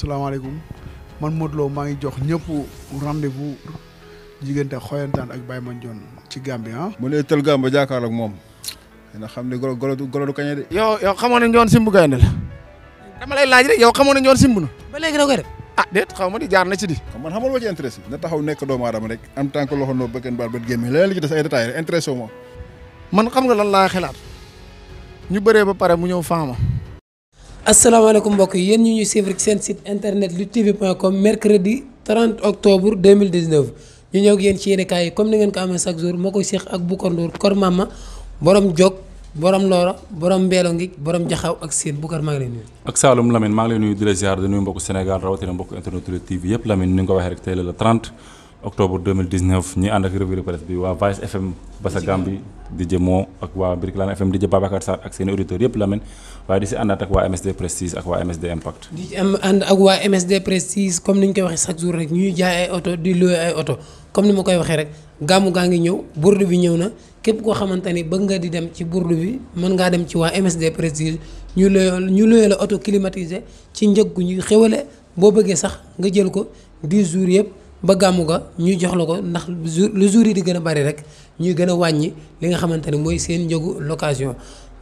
salaamaaleykum man Modou Lo maa ngi jox ñëpp rendez-vous diggante Xoyantaan ak Baye Mandione ci Gambie ah. mu ne tël Gambie jàkkaarloo ak moom dina xam ne golo golo du golo du kañe yow yow xamoon nañu doon simb gaynde la dama lay laaj rek yow xamoon nañu doon simb na. ba léegi da koy def. ah déet xaw ma di jaar na ci di. man xamal ma ci intéressé na taxaw nekk doomu aadama rek en tant que loxo noor bëggeen baal man xam nga lan laa xalaat ñu bëree ba pare mu ñëw faama asalaamaaleykum mbokk yi yéen ñu ñuy suivre ci seen site internet luttetv.com mercredi 30 octobre 2019 ñu ñëw ak ci yéenekaay yi comme ni ngeen ko amee chaque jour moo koy seex ak Boucar Ndour Kor Mama borom jog borom Loora borom Mbeelo ngi borom Jaxaw ak seen Boucar maa ngi lay ak Saloum Lamine maa ngi lay nuyu di la ziar di nuyu mbokku Sénégal rawatina mbokku internet TV yëpp Lamine ni nga ko waxee tey la le 30. octobre 2019 ñi ànd ak revue de presse bi waa Vice FM Bassa Gambi di jë moo ak waa Birkelane FM di jë Babacar Sarr ak seen auditeurs yëpp la men waaye di si àndaat ak waa MSD Prestige ak comme ni ñu koy waxee chaque jour rek ñuy jaay ay oto di loué ay oto comme ni ma koy waxee rek gàmmu gaa ngi ñëw burdu bi ñëw na képp koo xamante ni bëgg nga di dem ci burdu bi mën ngaa dem ci waa MSD Prestige ñu loué ñu loué la oto climatisé ci njëg gu ñuy xéwale boo bëggee sax nga jël ko 10 jours yëpp. ba gàmmu ga ñu jox la ko ndax lu jour yi di gën a bari rek ñuy gën a wàññi li nga xamante ne mooy seen njëgu location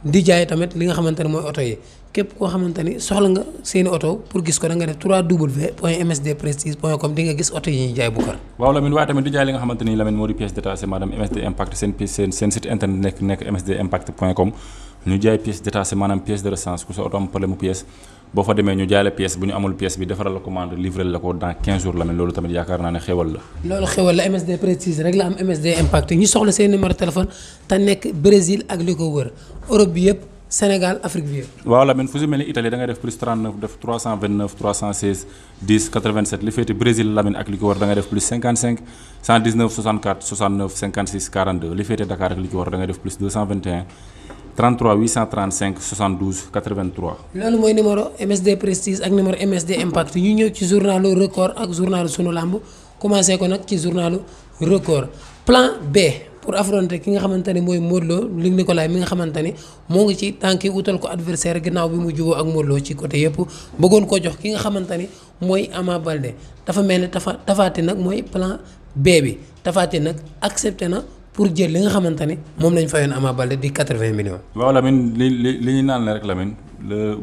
di jaay tamit li nga xamante mooy oto yi képp koo xamante soxla nga seeni oto pour gis ko da nga def 3w point msdprestige point com di nga gis oto yi ñuy jaay bu kar waaw Lamine waaye tamit di jaay li nga xamante ni Lamine moo di pièce détachée maanaam MSD impact seen pièce seen seen site internet nekk nekk msdimpact point com ñu jaay pièce détachée maanaam pièce de boo fa demee ñu jaay la pièce bu ñu amul pièce bi defaral la commande livré la ko dans 15 jours la loolu tamit yaakaar naa ne xéwal la. loolu xéwal la MSD précise rek la am MSD impact ñu soxla seen numéro téléphone te nekk Brésil ak li wër Europe bi yëpp Sénégal Afrique bi yëpp. waaw la fu si mel Italie da def plus 39 def 329 316 10 87 li féete Brésil Lamine ak li ko wër da ngay def ak li wër da def 33 835 72 83. loolu mooy numéro MSD Prestige ak numéro MSD Impact ñu ñëw ci journalu record ak journalu sunu làmb commencé ko nag ci journalu record plan B. pour affronter ki nga xamante ne mooy Modou Lo ko laay mi nga xamante ne moo ngi ci tànk yi ko adversaire ginnaaw bi mu juboo ak Modou Lo ci côté yëpp bëggoon ko jox ki nga xamante ni mooy Ama balde dafa mel ni tafa tafaati nag mooy plan B bi tafaati nag accepté na pour jël li nga xamante ne moom lañ fayoon Ama Baldé di quatre-vingts millions. waaw Lamine li li li ñuy naan la rek Lamine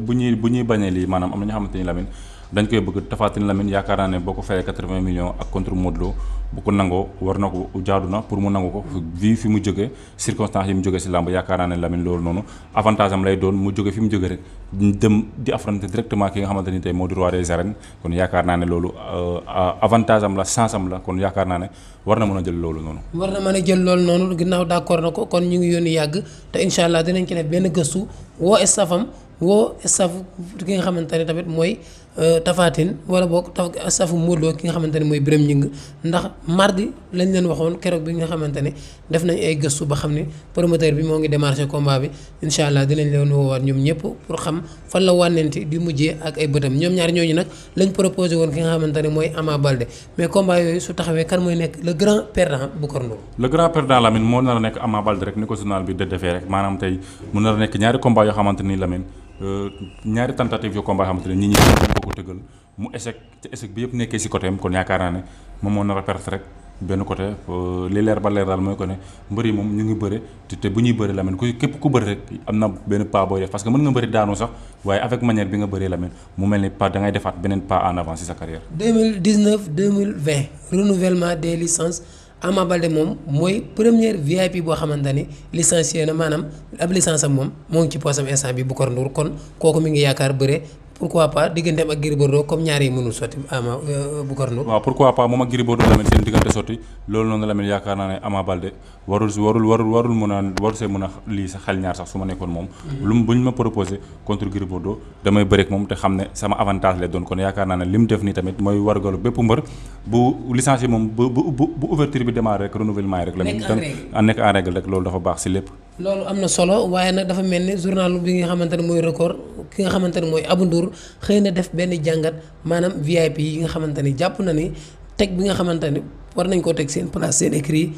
bu ñuy bu ñuy bañee lii maanaam am na ñoo xamante lamin dañ koy bëgg Tapha Tine Lamine yaakaar naa ne boo ko fayee quatre-vingts millions ak contre Modou Lo bu ko nangoo war na ko jaadu na pour mu nangu ko vi fi mu jógee circonstances yi mu jóge si làmb yaakaar naa ne Lamine loolu noonu avantage am lay doon mu jóge fi mu jóge rek dem di affronter directement ki nga xamante ni tey moo di roi des kon yaakaar naa ne loolu euh, avantage am la chance am la kon yaakaar naa ne war na mën a jël loolu noonu war na mën a jël loolu noonu ginnaaw d'accord na ko kon ñu ngi yónni yàgg te incha ki nga xamante ne tamit mooy Euh, Tafatine wala boo taf safu Modou Lo ki nga xamante ne mooy Birame Gningue ndax mardi lañ leen waxoon keroog bi nga xamante ne def nañ ay gëstu ba xam ni promoteur bi moo ngi démarché combat bi incha allah dinañ leen woowaat ñoom ñëpp pour xam fan la wànnenti di mujjee ak ay bëtam ñoom ñaar ñooñu nag lañ proposé woon ki nga xamante ne mooy Ama Baldé mais combat yooyu su taxawee kan mooy nekk le grand perdant bu Korndo. le grand perdant Lamine moo nar a nekk Ama Baldé rek ni ko journal bi de defee rek maanaam tey mu nar a nekk ñaari combat yoo xamante ni Lamine. Euh, ñaari tentative yu combat xamante ne ñi ñi ko tëggal mu échec te échec bi yëpp nekkee si côté kon yaakaar naa ne moom moo nar a rek benn côté euh, li leer ba leer daal mooy ko ne mbëri moom ñu ngi bëre te te bu ñuy bëri la ku képp ku bëri rek am na benn pas booy def parce que mën nga bëri daanu sax waaye avec manière bi nga bëree la mu mel ni pas da defaat beneen pas en avant sa carrière. renouvellement des licences. Ama Baldé moom mooy première VIP boo xamante ni licencié na maanaam ab licence moom moo ngi ci poosam instant bi bu Boucar Ndour kon kooku mi ngi yaakaar bëre pourquoi pas digganteem ak Gris Bordeaux comme ñaar yi mënul sotti Ama euh, bu Garlo. waaw pourquoi pas moom ak Gris Bordeaux Lamine seen diggante sotti loolu noonu Lamine yaakaar naa ne Ama Balde warul warul warul warul a warul see mën a lii sa xel ñaar sax su ma nekkoon moom. Mm-hmm. lu mu bu ñu ma proposé contre Gris damay bëreek moom te xam ne sama avantage lay doon kon yaakaar naa ne li mu def nii tamit mooy wargalu bépp mbër bu licencié moom bu bu bu ouverture bi démarré rek renouvellement yi loolu dafa baax si lépp. loolu am na solo waaye nag dafa mel ni journal bi nga xamante ne mooy record ki nga xamante ne mooy Abou Ndour xëy na def benn jàngat maanaam VIP yi nga xamante ni jàpp na ni teg bi nga xamante ni war nañ koo teg seen place seen écrit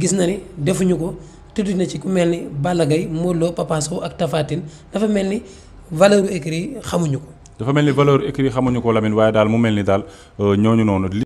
gis na ni defuñu ko tudd na ci ku mel ni Balla Gaye Modou Lo ak tafaatin dafa mel ni valeur écrit xamuñu ko. dafa mel ni valeur écrit xamuñu ko Lamine waaye daal mu mel ni daal euh, ñooñu noonu.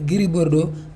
Gris Bordeaux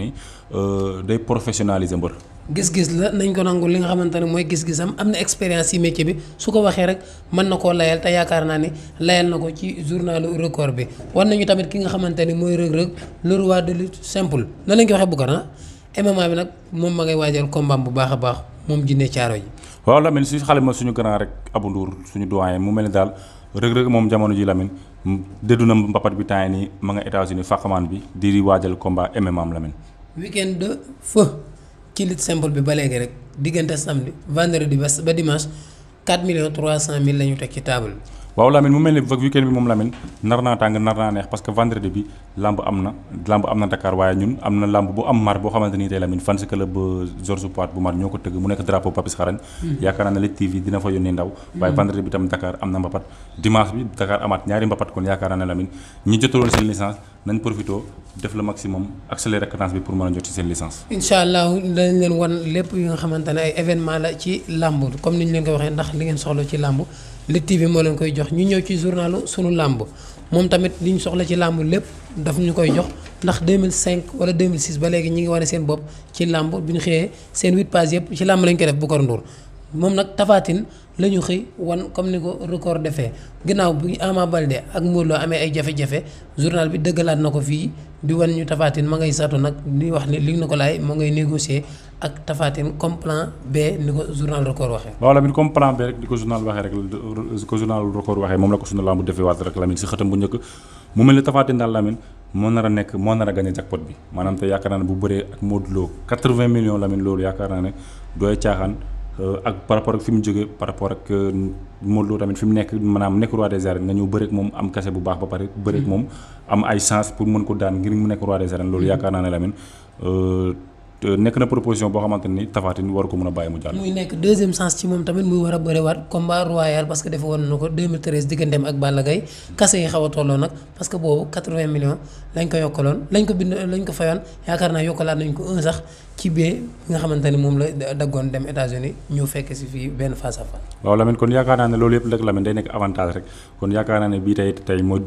ni euh, day professionnaliser mbër. gis-gis la nañ ko nangu li nga xamante ne mooy gis-gisam am na expérience yi métier bi su ko waxee rek mën na koo layal te yaakaar naa ni layal na ko ci journalu record bi war nañu tamit ki nga xamante ne mooy rëg-rëg le roi de lutte simple nan lañ ko waxee Boucar ah MMA bi nag moom ma ngay waajal combat bu baax a baax moom jinne caaro yi. waaw Lamine suñu xale ma suñu grand rek abu Ndour suñu doyen mu mel ni daal moom jamono ji Lamine. dëddu na mbapat bi temps nii ma nga États-Unis fàqamaan bi di waajal combat MMA am la weekend de feu ci lutte simple bi ba léegi rek diggante samedi vendredi ba dimanche 4 millions cent mille la ñu teg ci taabal waaw Lamine mu mel ne vague weekend bi moom Lamine nar naa tàng nar naa neex parce que vendredi bi lamb am na lamb am na Dakar waaye ñun am na lamb bu am mar boo xamante ni tey Lamine fan si club Georges Poite bu mar ñoo ko tëgg mu nekk drapeau Papis Xarañ hmm. yaakaar naa ne Leewtoo TV dina fa yónnee ndaw hmm. waaye vendredi bi tam Dakar am na mbapat dimanche bi Dakar amaat ñaari mbapat kon yaakaar naa ne Lamine ñi jotaloon seen licence nañ profité def Lutte TV moo leen koy jox ñu ñëw ci journalu sunu làmb moom tamit li ñu soxla ci làmb lépp daf ñu koy jox ndax 2005 wala 2006 ba léegi ñi ngi wane seen bopp ci làmb bi ñu xëyee seen 8 pages yëpp ci làmb lañ koy def Boucar Ndour moom nag tafaatin la ñu xëy wan comme ni ko record defee gannaaw bi Ama Baldé ak Modou amee ay jafe-jafe journal bi dëggalaat na ko fii di wan ñu tafaatin ma ngay satu nag di wax ni li na ko laay moo ngay négocier ak tafaatin comme plan B ni ko journal record waxee. waaw Lamine comme plan B rek di ko journal waxee rek ko journal record waxee moom la ko sunu lamb defee waat rek Lamine si xëtam bu njëkk mu mel ni tafaatin daal Lamine moo nar a nekk moo nar a gagné jackpot bi maanaam te yaakaar naa ne bu bëree ak Modou Lo 80 millions Lamine loolu yaakaar naa ne dooy Euh, ak par rapport ak fi mu jógee par rapport ak euh, Modou Lo tamit fi mu nekk maanaam nekk roi des arènes nga ñëw bëre moom am kase bu baax ba pare bëre hmm. moom am ay chance pour mën ko daan ngir mu nekk roi des arènes loolu hmm. yaakaar naa ne Lamine euh, Euh, nekk na proposition boo xamante ni Tapha Tine war ko mën a bàyyi mu jàll. muy nekk deuxième chance ci moom tamit muy war a bëriwaat combat royal parce que dafa woon na ko 2013 a tolloo millions lañ ko yokkaloon lañ ko bind yaakaar naa yokkalaat nañ ko un sax ci bee nga xamante moom la daggoon dem États-Unis ñu fekk si fii benn face à face. waaw Lamine kon yaakaar naa ne loolu yëpp nag Lamine day nekk avantage rek kon yaakaar naa ne bii tey tey mooy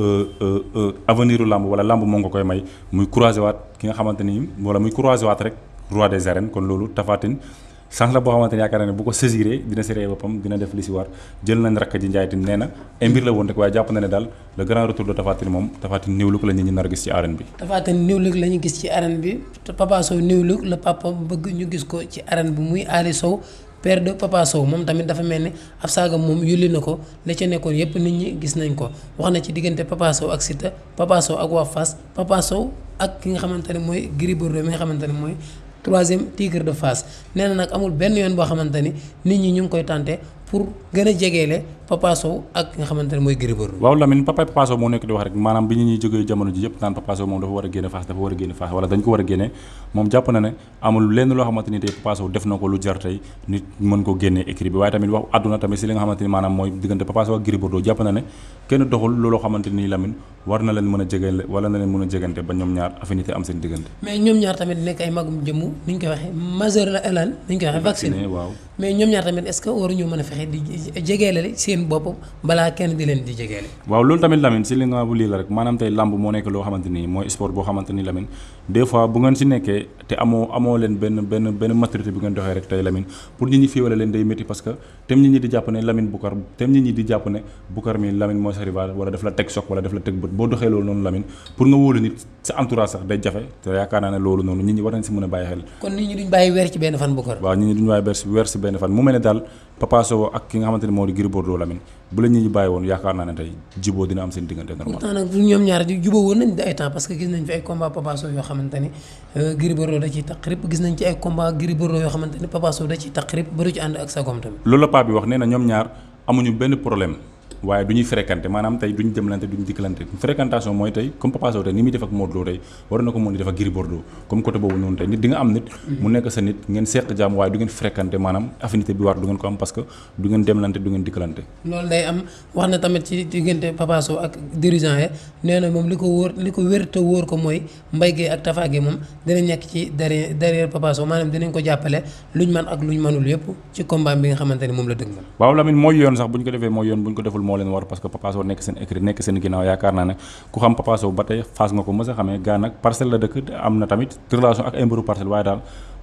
Euh, euh, euh, avenir u làmb wala làmb moo nga koy may muy croiser ki nga xamante ni muy croiser rek roi des arènes kon loolu Tapha sans la boo xamante yaakaar naa ne bu ko saisiré dina seree boppam dina def li jël nañ rakk ji njaay tamit nee la woon rek waaye jàpp na ne daal le grand retour de Tapha moom Tapha Tine néewluk ñu nar a gis ci arène bi. Tapha Tine néewluk gis ci arène bi Papa Sow néewluk la papa bëgg ñu gis ko père de Papa moom tamit dafa mel ni ab saaga moom yulli na ko la ca nekkoon yépp nit ñi gis nañ ko wax na ci diggante Papa Sow ak Siteu Papa ak waa fas Papa ak ki nga xamante ne mooy Gris Bordeaux mi nga xamante ne mooy troisième tigre de Fass nee nag amul benn yoon boo xamante ni nit ñi ñu ngi koy tànte pour gën a jegeele Papa Sow ak nga xamante mooy Gris waaw Lamine papa moo nekk di wax rek maanaam bi ñu ñuy jógee jamono ji yëpp naan Papa moom dafa war a génne face mais ñoom ñaar tamit nekk ay mën a fexe di jegeelale seen seen bopp balaa kenn di leen di jegeele waaw loolu tamit Lamine si li bu lii la rek maanaam tey làmb moo nekk loo xamante mooy sport boo xamante ni Lamine fois bu ngeen si nekkee te amoo amoo leen benn benn maturité bi ngeen doxee rek tey Lamine pour nit ñi fii wala leen day métti parce tem nit ñi di jàpp ne Lamine Boucar tem nit ñi di jàpp ne Boucar mi Lamine mooy sa rival wala daf la teg choc wala daf la teg bët boo doxee loolu noonu Lamine pour sa entourage sax day jafe te yaakaar naa ne loolu noonu nit ñi war nañ si mën a bàyyi xel. kon nit ñi duñ bàyyi weer ci benn fan bu ko waaw nit ñi bàyyi weer si benn fan mu mel ne daal Papa ak ki nga xamante moo di Gris Bordeaux Lamine bu la nit ñi bàyyi woon yaakaar naa ne tey jubóo dina am seen diggante normal. pourtant nag ñoom ñaar jubóo woon nañ di ay temps parce que gis nañ fi ay combat Papa yoo xamante ni euh, da ciy taq rip gis waaye du ñuy fréquenté maanaam tey du ñu demlante du ñu dikkalante fréquentation mooy tey comme Papa Sow tey ni muy def ak Modou tey war na ko mën di def ak Gris Bordeaux comme tey nit di nga am nit mu nekk sa nit ngeen seq jàmm waaye du ngeen fréquenté maanaam affinité bi war du ngeen ko am parce du ngeen demlante du ngeen dikkalante loolu day am wax na tamit ci diggante Papa ak dirigeant yi nee na moom li ko wóor li ko wér te wóor ko mooy Mbaye Guèye ak Tafa Guèye moom dina nekk ci derrière derrière Papa Sow maanaam dinañ ko jàppale moo leen war parce que Papa Sow nekk seen écrit nekk seen ginnaaw yaakaar naa ne ku xam Papa Sow ba tey Fass nga ko mës a xamee gaa nag parcelle la dëkk am na tamit relation ak ay mbëru parcelle waaye daal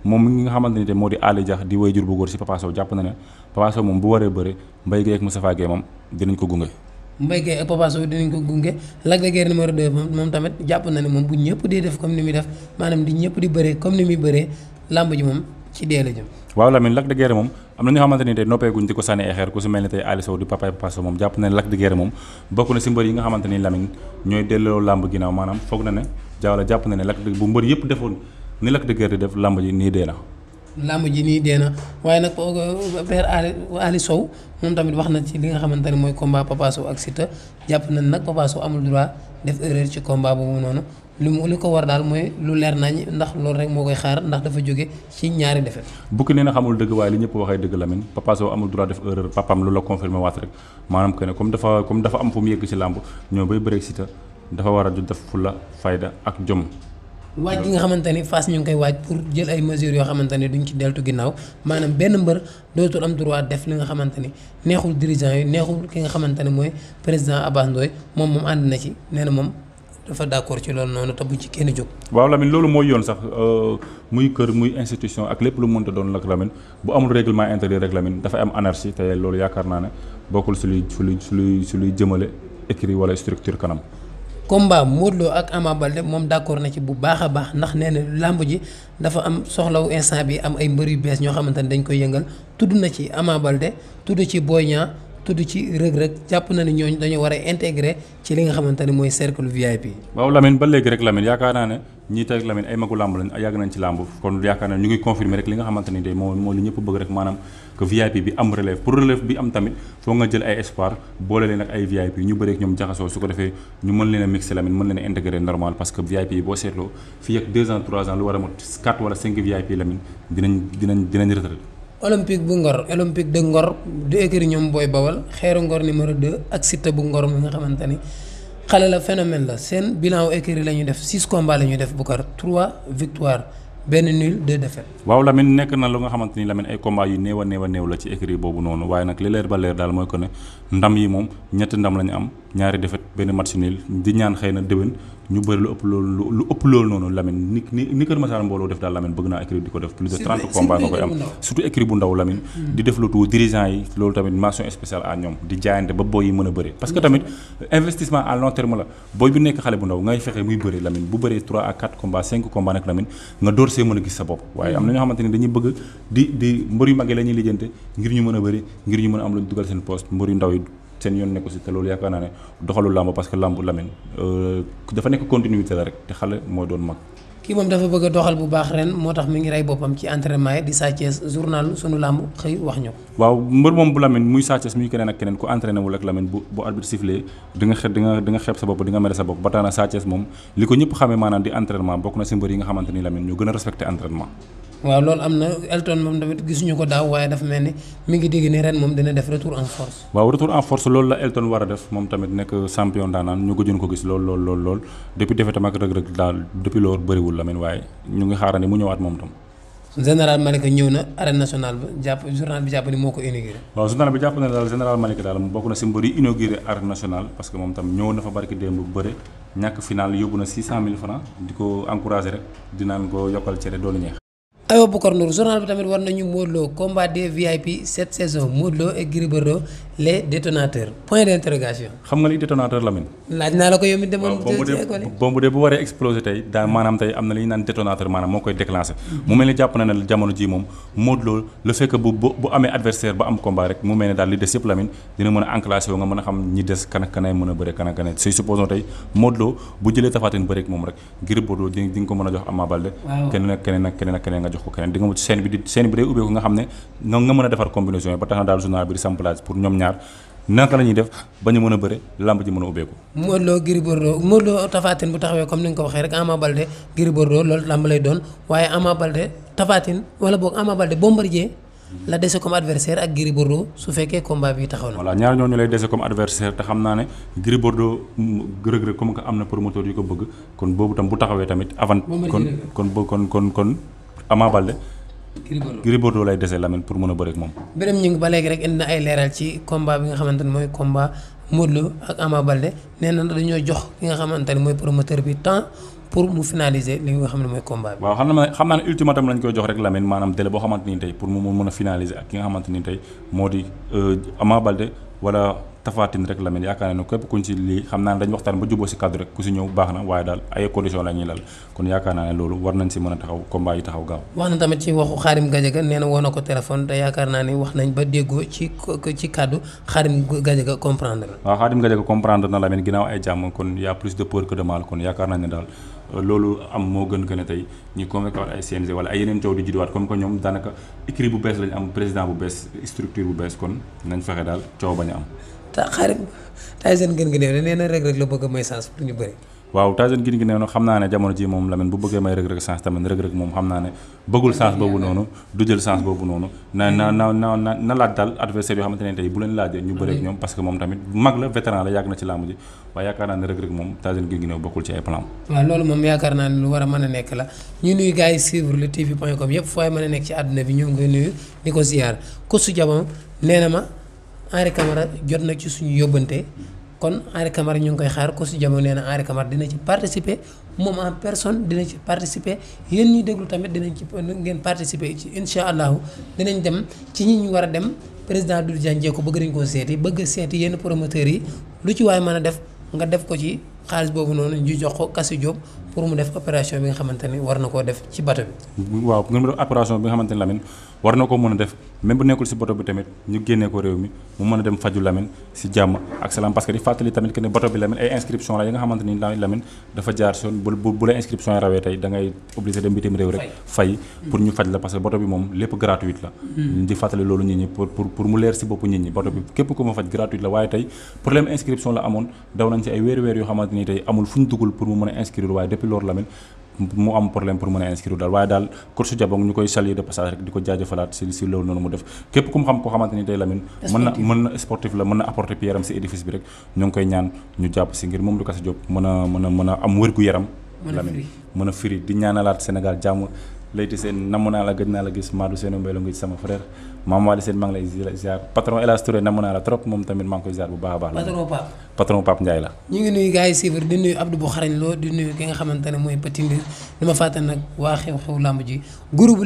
moom mi nga xamante ni te moo di Aly Dia di way jur bu góor si Papa jàpp na ne Papa moom bu waree bëre Mbaye Guèye ak Moustapha Guèye moom dinañ ko gunge Mbaye Guèye ak Papa dinañ ko gunge Lac de Guiers numéro 2 moom tamit jàpp na ñëpp di def comme ni muy def maanaam di ñëpp di bëree comme ni muy bëree làmb ji moom waaw Lamine Lac de Guiers moom am na ñoo xamante ni tey noppeeguñ di ko sànni ay xeer ku si mel ni tey Aliou Sow di papa moom jàpp na ne Lac de Guiers moom bokk na si mbër yi nga xamante ji nii dee na waaye nag euh, père Ali Sow moom tamit wax na ci li nga xamante ne mooy combat Papa Sow ak Siteu jàpp na nag Papa Sow amul droit def erreur ci combat boobu noonu li mu li ko war daal mooy lu leer nañ ndax loolu rek moo koy xaar ndax dafa jóge ci ñaari defet bukki nee na xamul dëgg waaye li ñëpp waxee dëgg Lamine Papa Sow amul droit def erreur papam lu la confirmé waat rek maanaam que ne comme dafa comme dafa am fu mu yegg ci làmb ñoo bay bëreeg Siteu war a def fula fayda ak jom waaj gi nga xamante ni Fass ñu ngi koy waaj pour jël ay mesures yoo xamante ni duñ ci deltu ginnaaw maanaam benn mbër dootul am droit def li nga xamante ni neexul dirigeant yi neexul ki nga xamante ne mooy président Abass Ndoye moom moom ànd na ci nee na moom dafa d'accord ci loolu noonu te bu ci kenn jóg. waaw Lamine loolu mooy yoon sax euh, muy kër muy institution ak lépp lu mënta doon nag Lamine bu amul règlement intérieur rek Lamine dafa am anarchie te loolu ne bokkul su luy su luy su luy su luy jëmale écrit wala structure kanam. combat Modou Lo ak Ama Baldé moom d'accord na ci bu baax a baax ndax nee na làmb ji dafa am soxlawu instant bi am ay mbër yu bees ñoo xamante ne dañ koy yëngal tudd na ci Ama Baldé tudd ci Boy Niang tudd ci rëg-rëg jàpp na ni ñooñu dañoo war a intégré ci li nga xamante ne mooy cercle VIP. waaw Lamine ba léegi rek Lamine yaakaar naa ne ñii tey rek Lamine ay magu làmb lañ yàgg nañ ci làmb kon yaakaar naa ñu ngi confirmer rek li nga xamante ni tey moo moo li ñëpp bëgg rek maanaam que VIP bi am relève pour relève bi am tamit foo nga jël ay espoir boole leen ak ay VIP ñu bëreek ñoom jaxasoo su ko defee ñu mën leen a mixé Lamine mën leen a intégré normal parce a mot 4 olympique bu ngor olympique de ngor du écurie ñoom booy bawal xeeru ngor numéro 2 ak Siteu bu ngor mi nga xamante ni xale la phénomène la seen bilan wu écurie la ñuy def six combats la ñuy def Boucar 3 victoire benn nul deux défaites. waaw Lamine nekk na lu nga xamante ni Lamine ay combats yu néew a néew a néew la ci écurie boobu noonu waaye nag li leer ba leer daal mooy ko ne ndam yi moom ñetti ndam la ñu am ñaari défaites benn match nul di ñaan xëy na déwén. ñu bëri lu ëpp loolu lu ëpp loolu noonu Lamine ni ni ni Kër Massar mbooloo def daal Lamine bëgg naa écrit di ko def plus de 30 combats nga koy am surtout écrit bu ndaw Lamine hmm. di def lu tuuti dirigeant yi loolu tamit mention spéciale à ñoom di jaayante ba boy yi mën a bëri parce que tamit investissement à long terme la booy bu nekk xale bu ndaw ngay fexe muy bëri Lamine bu bëree 3 à 4 combats 5 combats nag Lamine nga door see mën a gis sa bopp waaye am na ñoo xamante ni dañuy bëgg ngir ñu mën a bëri ngir ñu mën am lu dugal seen poste mbër yu ndaw yi seen yoon nekk aussi te loolu yaakaar naa ne doxalu làmb parce que làmb Lamine euh, dafa nekk continuité la rek te xale mooy doon mag. kii moom dafa bëgg doxal bu baax ren moo tax mu ngi rey boppam ci entraînement yi di Sa Thiès journal sunu làmb xëy wax ñu waaw mbër moom bu Lamine muy Sa Thiès keneen ak keneen ku entraîné bu bu arbitre sifflé di nga xe sa bopp di nga sa bopp ba tax na Sa Thiès moom li ko ñëpp xamee maanaam di entraînement na si mbër yi nga xamante ni Lamine ñu gën a respecté waaw loolu am na Elton moom tamit gisuñu ko daaw waaye dafa mel ni mi ngi dégg ne ren moom dina def retour en force. waaw retour en force loolu la Elton war a def moom tamit nekk champion daanaan ñu gëjoon ko gis lool lool depuis defe ak rëg-rëg daal depuis loolu bëriwul la men waaye ñu ngi xaarandi mu ñëwaat moom tam. général Malika ñëw na arène nationale ba jàpp journal bi jàpp ni moo ko inauguré. waaw journal bi jàpp na daal général Malika daal na si mbër yi inauguré arène nationale parce que moom tam ñëw na fa barki démb bu bëre ñàkk final yóbbu na Ayo Boucar Ndour journal bi tamit war nañu Modou combat des VIP cette saison Modou Lo et Gris point d' xam nga liy détonateur Lamine. laaj ko yow mi demoon. de bu waree exploser tey maanaam tey am na li ñu naan na ne jamono des yëpp Lamine dina mën a enclenché wu nga mën a xam ñi des kan ak kanay mën a bëre kan ak kanay suy tey Modou bu jëlee Tapha bëre ak moom rek Gris Bordeaux di ko mën a jox Ama Baldé keneen ak keneen ak keneen ak keneen nga jox ko keneen di nga mu seen bi di seen bi day ubbeeku nga xam ne nga mën a defar combinaison ba tax na daal journal bi di samplage pour ñoom ñaar naka la def ba ñu mën a bëre lamb ji mën a ubbeeku Modou Lo Gris Bordeaux Modou Lo Tapha Tine bu taxawee comme ni nga ko waxee rek Ama Baldé Gris Bordeaux loolu lamb lay la dese comme adversaire ak Gris Bordeaux su fekkee combat bi taxaw na. voilà ñaar ñooñu lay dese comme adversaire te xam naa ne Gris Bordeaux Reug Reug comme Ama Baldé. Gris Bordeaux lay dese Lamine pour mën a bëre moom moom. Birame ngi ba léegi rek indi na ay leeral ci combat bi nga xamante ne mooy combat Modou Lo ak Ama Baldé nee dañoo jox ki nga xamante ne mooy promoteur bi temps pour mu finaliser li nga xam ne mooy combat bi. waaw xam ma xam naa ne ultimatum lañ koy jox rek Lamine maanaam délai boo xamante ni tey pour mu mën a finaliser ak ki nga xamante tey moo di euh, amaa Baldé wala. tafaatin rek Lamine yaakaar naa ne képp kuñ ci lii xam naa ne dañ waxtaan ba juboo ci kaddu rek ku ci ñëw baax na waaye daal ay condition la ñuy lal kon yaakaar naa ne loolu war nañ ci mën a taxaw combat yi taxaw wax na tamit ci waxu Xaarim Gajaga nee na woo na ko téléphone te yaakaar naa ne wax nañ ba déggoo ci ci kaddu Xaarim Gajaga comprendre na waaw Xaarim Gajaga comprendre na Lamine ginnaaw ay jàmm kon y a plus de peur que de mal kon yaakaar naa ne daal euh, loolu am moo gën que ne tey ñu convoqué waat ay CNG wala ay yeneen coow di judduwaat comme que ñoom daanaka écrit bu bees lañu bu bees structure bu bees kon nañ fexe daal a am ta xaaral Tyson gën la bëgg a may pour ñu bëri. waaw Tyson gën gi xam naa ne jamono ji moom Lamine bu bëggee may Reug Reug chance tamit Reug Reug moom xam moom tamit mag la vétéran la yàgg na ci làmb ji waaye yaakaar naa ne Reug Reug moom Tyson gën bokkul ci ay plan waaw loolu moom yaakaar naa ne lu war a mën a nekk la ñu nuyu gars yi suivre le tv point com yëpp fooy mën a nekk ci àdduna bi ñoo ngi koy nuyu di ko ziar ko su jabam Henri Camara jot na ci suñu yóbbante kon Henri Camara ñu ngi koy xaar ko su jamono nee na Henri Camara dina ci participer moom en personne dina ci participer yéen ñu déglu tamit dinañ ci ngeen participer ci incha allahu dinañ dem ci ñi ñu war a dem président Doudou Diagne ko bëgg nañ koo seeti bëgg seeti yenn promoteurs yi lu ci waay mën a def nga def ko ci xaalis boobu noonu ñu jox ko Kassi Diop pour mu def opération bi nga xamante ne war na koo def ci bato war na ko mën a def même bu nekkul si bato bi tamit ñu génnee ko réew mi mu mën a dem faju Lamine si jàmm ak salaam parce que di fàttali tamit que ne bato bi Lamine ay inscription la yi nga xamante ni Lamine dafa jaar si yoon bu bu la mm. bi moom lépp gratuite la mm. di fàttali loolu nit ñi pour pour pour mu leer si bopp nit ñi bato bi képp ko ma faj gratuite la waaye amoon daw nañ si ay wéer wéer yoo xamante ni tey amul fu ñu dugul pour mu mën a inscrire waaye depuis loolu Lamine mu am problème pour mën a inscrire daal waaye daal course jabong ñu koy saluer de passage rek di ko jaajëfalaat si si loolu noonu mu def képp ku mu xam ko xamante ni tey Lamine la mën ngir Mamadou Kassé Diop mën a mën a mën a am wér gu ñaanalaat Sénégal jàmm layti seen namm naa la gëj naa la gis Madou Seen Mbay ngi sama frère Maam Waly Seen maa lay ziar patron El Hadj naa la trop moom tamit maa ngi koy ziar bu baax a baax patron Pape Ndiaye la. ñu ngi nuyu gars yi siifar di nuyu Abdou bu xarañ loo di nuyu ki nga ne mooy Petit Ndir li ma fàttali nag waa xew-xew làmb ji groupe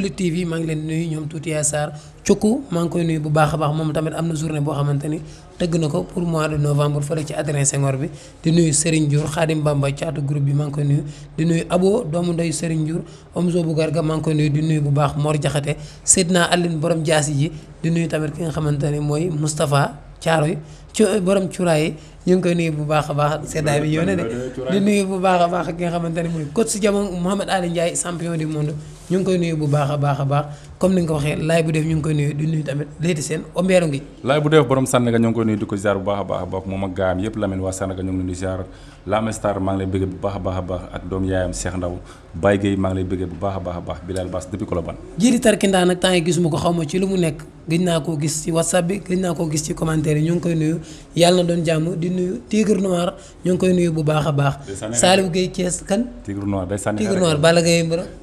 maa ngi leen nuyu ñoom tuuti yaa Sarr Cukku maa ngi bu baax a moom tamit am na journée boo xamante ni tëgg na ko pour mois de novembre fële ci Adrien Senghor bi di nuyu Serigne Diour Khadim Bamba caatu groupe bi maa ngi koy nuyu di nuyu Abo doomu ndeyu Serigne Diour Omzo bu Garga man ngi koy nuyu di nuyu bu baax Mor Jaxate Seydina Aline borom jaasi ji di nuyu tamit ki nga xamante ne mooy Moustapha caaro yi ci borom cuuraay yi ñu ngi koy nuyu bu baax a baax seddaay bi yónnee de di nuyu bu baax a baax ki nga xamante ne mooy coach jamono Mouhamed Ali Ndiaye champion du monde ñu ngi koy nuyu bu baax a baax a baax comme ni nga ko waxee laay bu def ñu borom Sandaga ko a baax ñu ngi koy nuyu di nuyu Tigre Noir ñu ngi koy nuyu bu baax a baax Saliou Gueye Thiès kan Tigre Noir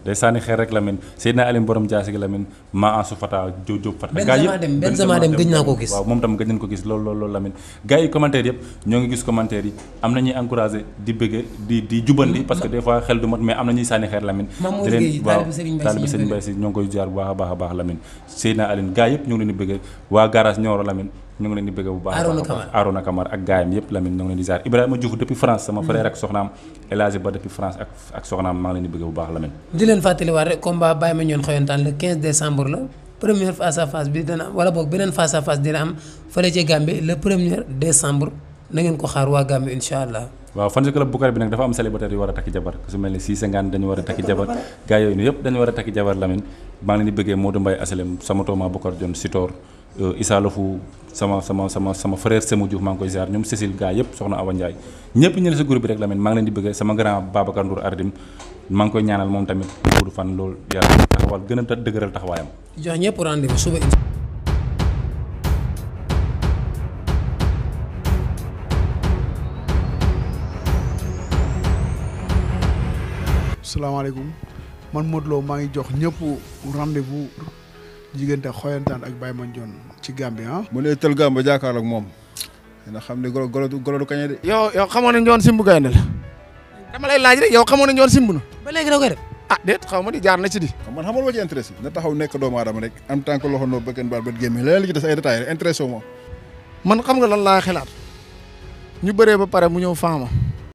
day sànni xeer rek Lamine Seydina Alim borom Jaasi gi Lamine maa Ansu Fata Diop gaa yëpp gëj naa ko gis waaw moom tam gëj nañ ko gis loolu loolu loolu Lamine gars yi commentaire yëpp ñoo ngi gis commentaire yi am nañuy encouragé di bëgge di di jubandi parce que des fois xel du mat mais am nañuy sànni xeer Lamine di leen waaw taalibi si ñoo ngi koy jaar bu baax a baax a baax Lamine Seydina Aline gars yëpp ñoo ngi leen di waa garage Nioro Lamine ñu ngi leen di bëgg bu baax a Kamara ak gaayam yëpp Lamine ñu leen di ziar Ibrahima Diouf depuis France sama frère ak soxnaam El Ba depuis France ak soxnaam maa ngi leen di bëgg bu baax Lamine di leen fàttaliwaat rek combat Baye Mandione Xoyantaan le 15 décembre la première face à face bi dana am wala boog beneen face à face dina am fële ci Gambie le premier décembre na ko xaar waa Gambie incha allah waaw fan si club Boucar bi nag dafa am a takki su mel ne a takki jabar a takki jabar Lamine Euh, Issa Lofou sama sama sama sama frère Semou Diouf maa ngi koy ziar ñoom Cécile gaa yëpp soxna Awa Ndiaye ñëpp ñu ne sa groupe bi rek Lamine maa ngi leen di bëgg sama grand Babacar Ardim maa koy ñaanal moom tamit gudd fan loolu yàlla taxawal gën a dëgëral taxawaayam. jox maa ngi jox ñëpp rendez diggante xoyantaan ak Baye Mandione ci Gambie ah. mu ne tël Gambie jàkkaarloog moom. na xam ne golo golo golo du kañe de. yow yow xamoon nañu woon simbu gaynde la. dama lay laaj yow xamoon nañu woon simbu na. ba léegi da koy def. ah déet xaw ma jaar na ci di. man xamal ma ci intéressé na taxaw nekk doomu aadama rek en tant que loxo noo bëggeen baal bët gémmi leneen li ci des ay détails intéressé wu man xam nga lan laa xalaat ñu bëree ba pare mu ñëw faama